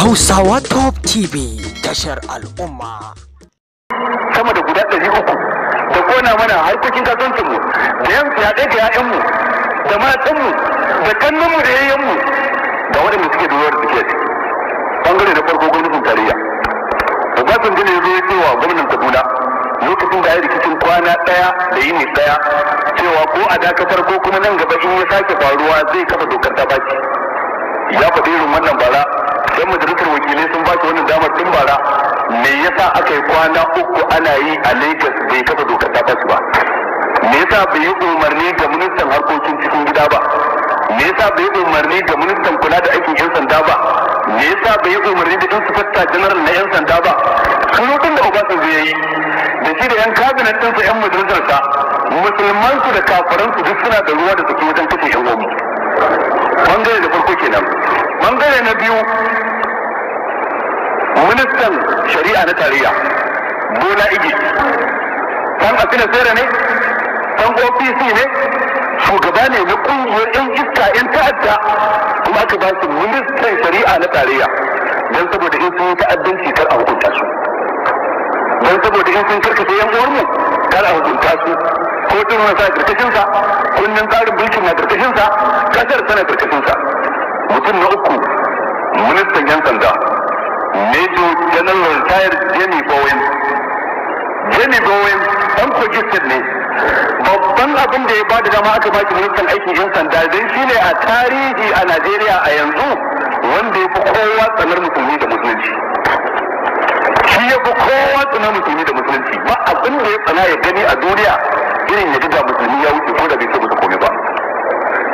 Hausawa Top TV tashar al'umma. Sama da guda ɗari uku da kona mana harkokin kasuwancinmu da yan fiyaɗe da ‘ya'yanmu da matanmu da kannunmu da yayyanmu da waɗanda suke duniyar suke bangare da farko gwamnatin tarayya. Obasanjo ne ya zo ya ce wa gwamnan Kaduna lokacin da ya rikicin kwana ɗaya da yini ɗaya cewa ko a dakatar ko kuma nan gaba in ya sake faruwa zai kafa dokar ta baki. Ya faɗi irin wannan bara sai mu yasa aka yi kwana uku ana yi a Lagos bai kafa dokar ta ba me yasa bai yi umarni ga ministan harkokin cikin gida ba me yasa bai yi umarni ga ministan kula da aikin yan sanda ba me yasa bai yi umarni da inspector general na yan sanda ba sunutun da Obasan ya yi da shi da yan kabinet ɗinsa yan majalisarsa musulman su da kafiran su duk suna da ruwa da suke wajen kashe yan gomi. bangare da farko kenan bangare na biyu ministan shari'a na tarayya bola igi san asina sera ne san opc ne shugaba ne na kungiyar yan iska yan ta'adda kuma aka ba su ministan shari'a na tarayya don saboda in sun yi ta'addanci kar a hukunta su don saboda in sun karkace yan uwarmu kar a hukunta su ko din wasa karkashinsa kundin tsarin mulkin na karkashinsa kasar tana karkashinsa mutum na uku ministan yan sanda general retired Jenny Bowen Jenny Bowen dan Kogin ne babban abin da ya ba da dama aka baki ministan aikin yan sanda dai shine a tarihi a Najeriya a yanzu wanda ya fi kowa tsanar musulmi da musulunci shi ya fi kowa tsanar musulmi da musulunci ba abin da ya tsana ya gani a duniya irin ya jida musulmi ya wuce ko da bai ce musu komai ba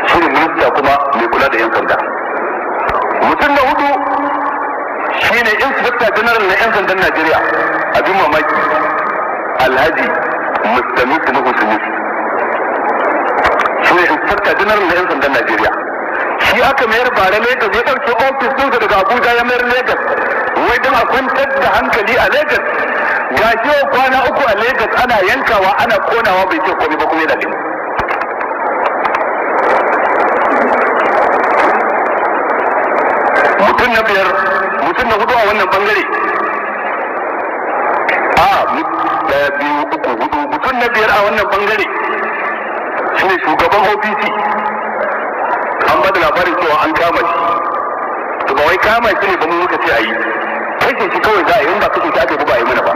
shi ne minista kuma mai kula da yan sanda mutum na hudu shine inspector general na yan sandan Najeriya abin mamaki Alhaji Mustami Sunuhu Sunuhu shine inspector general na yan sandan Najeriya shi aka mayar bare Lagos ya ɗauke ofis ɗinsa daga Abuja ya mayar Lagos wai don a kwantar da hankali a Lagos ga shi kwana uku a Lagos ana yankawa ana konawa bai ce komai ba kuma yana lemu mutum na biyar mutum na hudu a wannan bangare a daya biyu uku hudu mutum na biyar a wannan bangare ne shugaban opc an bada labarin cewa an kama shi to ba wai kama shi ne ba mu muka ce a yi kashe shi kawai za a yi in ba kashe shi aka yi ba a yi mana ba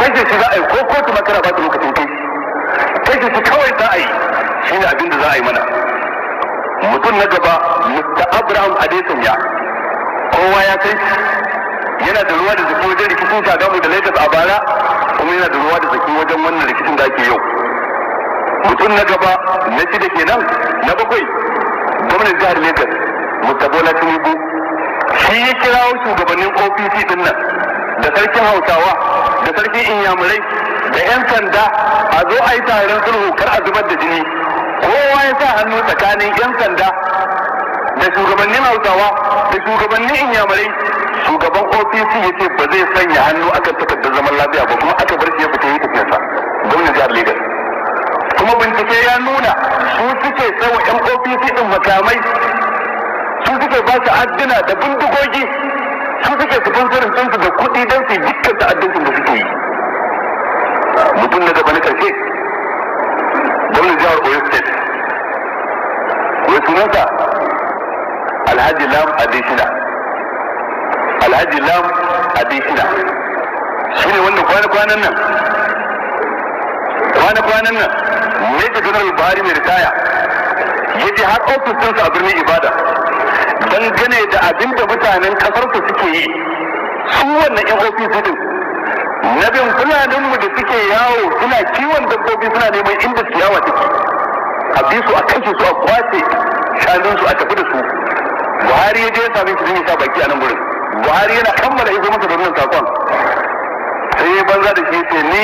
kashe shi za a yi ko kotu ma tana ba muka lokacin kai kashe shi kawai za a yi ne abin da za a yi mana mutum na gaba Mr. Abraham Adesanya kowa ya kai yana da ruwa da zaki wajen rikicin shagamu da lagos a bara kuma yana da ruwa da zaki wajen wannan rikicin da ake yau mutum na gaba na shida kenan na bakwai gwamnan jihar lagos mustabola tinubu shi ya kira shugabannin opc din nan da sarkin hausawa da sarkin inyamurai da yan sanda a zo a yi taron sulhu kar a zubar da jini kowa ya sa hannu tsakanin yan sanda da shugabannin hausawa da shugabannin inyamurai shugaban opc ya ce ba zai sanya hannu akan takardar zaman lafiya ba kuma aka bar shi ya fita yi tafiyarsa gwamnan jihar lagos kuma bincike ya nuna su suke sawa yan opc din makamai su suke ba su adduna da bindigogi su suke sponsorin ɗinsu da kuɗi don su yi dukkan ta'addancin da suke yi mutum na gaba na ƙarshe gwamnan jihar oyo state wai sunansa alhaji lam adishina alhaji lam adishina shi ne wanda kwana-kwanan nan kwana-kwanan nan major general buhari mai ritaya ya je har ofis ɗinsa a birnin ibada gane da abin da mutanen ƙasarsa suke yi su wannan ƴan ofis din na bin mu da suke yawo suna kiwon dabbobi suna neman inda su ciyawa take a bi su a kashe su a kwace shanunsu a tafi da su buhari ya je ya sami shi ya sa baki a nan gurin buhari yana kammala izo masa da wannan sakon sai ya banza da shi sai ni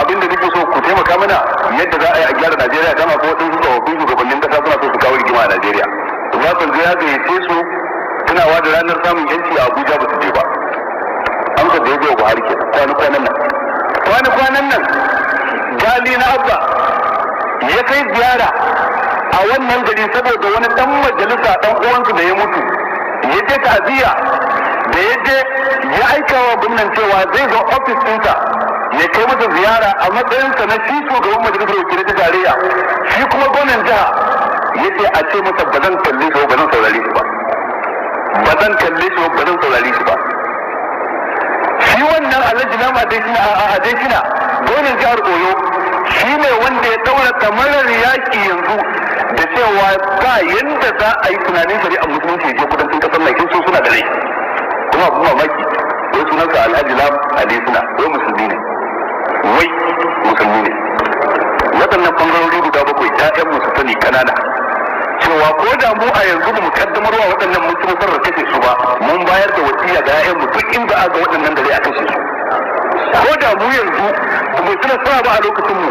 abin da nake so ku taimaka mana yadda za a yi a gyara najeriya dama ko waɗansu tsofaffin shugabannin ƙasa suna so su kawo rigima a najeriya ba su ga ya gayyace su tunawa da ranar samun yanci a abuja ba su je ba amsa da ya zo buhari ke kwana-kwanan nan kwana-kwanan nan gali na abba ya kai ziyara a wannan gari saboda wani dan majalisa dan uwansu da ya mutu ya je ta'aziyya da ya je ya aika wa gwamnan cewa zai zo ofis ɗinsa ya kai masa ziyara a matsayinsa na shi shugaban majalisar wakilai ta tarayya shi kuma gwamnan jiha ya ce a ce masa ba zan kalli su ba zan saurare su ba ba zan kalli su ba zan saurare su ba shi wannan alhaji na ma dai a dai gwamnan jihar Oyo shi ne wanda ya daura kamarar yaki yanzu da cewa ba yadda za a yi tunanin a musulunci ya kudin sun kasar mai sun so suna da rai kuma abu mamaki wai sunansa alhaji lam ali suna wai musulmi ne wai musulmi ne waɗannan bangarori guda bakwai ƴaƴan musu su sani kanana cewa ko da mu a yanzu ba mu kaddamar wa waɗannan musulmi sarar kashe su ba mun bayar da wasiya ga ƴaƴan mu duk inda ga waɗannan da zai a kashe su ko da mu yanzu mu suna sa ba a lokacin mu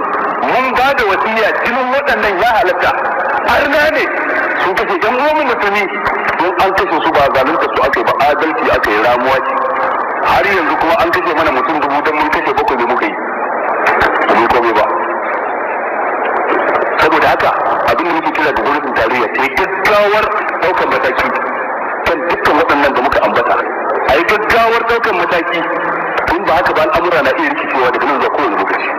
mun ba da wasiya jinin waɗannan ya halatta arna ne su kashe yan uwan musulmi don an kashe su ba zalunta su aka yi ba adalci aka yi ramuwa ce har yanzu kuma an kashe mana mutum dubu don mun kashe bakwai da muka yi mun kome ba saboda haka abin da muke kira da gwamnatin tarayya ta yi gaggawar ɗaukar mataki kan dukkan waɗannan da muka ambata a yi gaggawar ɗaukar mataki tun ba haka ba al'amura na iya rikicewa daga nan zuwa kowane lokaci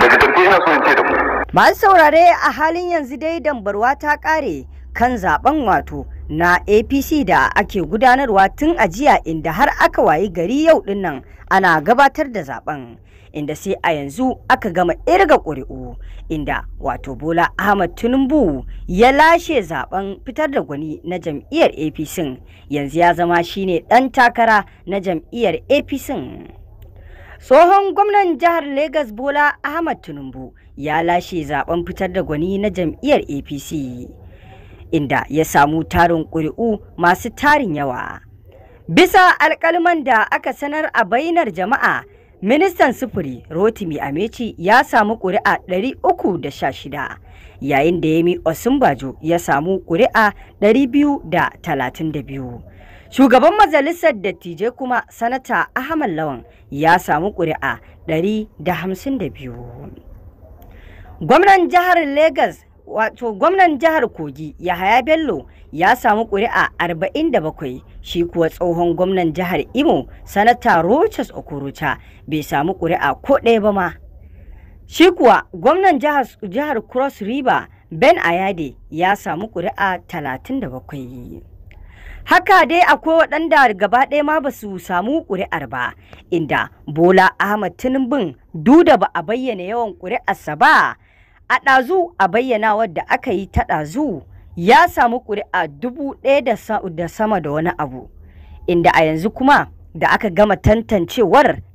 daga ƙarshe ina so in ce da mu masu saurare a halin yanzu dai dambarwa ta kare kan zaben wato na apc da ake gudanarwa tun a jiya inda har aka wayi gari yau dinnan ana gabatar da zaben inda sai a yanzu aka gama irga ƙuri'u inda wato bola ahmad tinubu ya lashe zaben fitar da gwani na jam'iyyar apc yanzu ya zama shine ɗan takara na jam'iyyar apc tsohon gwamnan jihar Legas Bola Ahmad Tinubu ya lashe zaben fitar da gwani na jam'iyyar APC inda ya samu tarin ƙuri'u masu tarin yawa. Bisa alkalman da aka sanar a bainar jama'a, ministan sufuri Rotimi Ameci ya samu ƙuri'a 316 yayin da Yemi Osunbajo ya samu ƙuri'a 232. Shugaban majalisar dattijai kuma sanata Ahmad Lawan ya samu ƙuri'a 152. Gwamnan jihar Legas wato gwamnan jihar Kogi Yahaya Bello ya samu ƙuri'a 47 shi kuwa tsohon gwamnan jihar Imo sanata Rochas Okorocha bai samu ƙuri'a ko ɗaya ba ma. Shi kuwa gwamnan jihar Cross River Ben Ayade ya samu ƙuri'a 37. haka dai akwai waɗanda gaba ɗaya ma ba su samu ƙuri'ar ba inda bola ahmad Tinubin duda ba a bayyana yawan ƙuri'arsa ba a ɗazu a bayyana wadda aka yi ta ɗazu ya samu ƙuri'a dubu ɗaya da sama da wani abu inda a yanzu kuma da aka gama tantancewar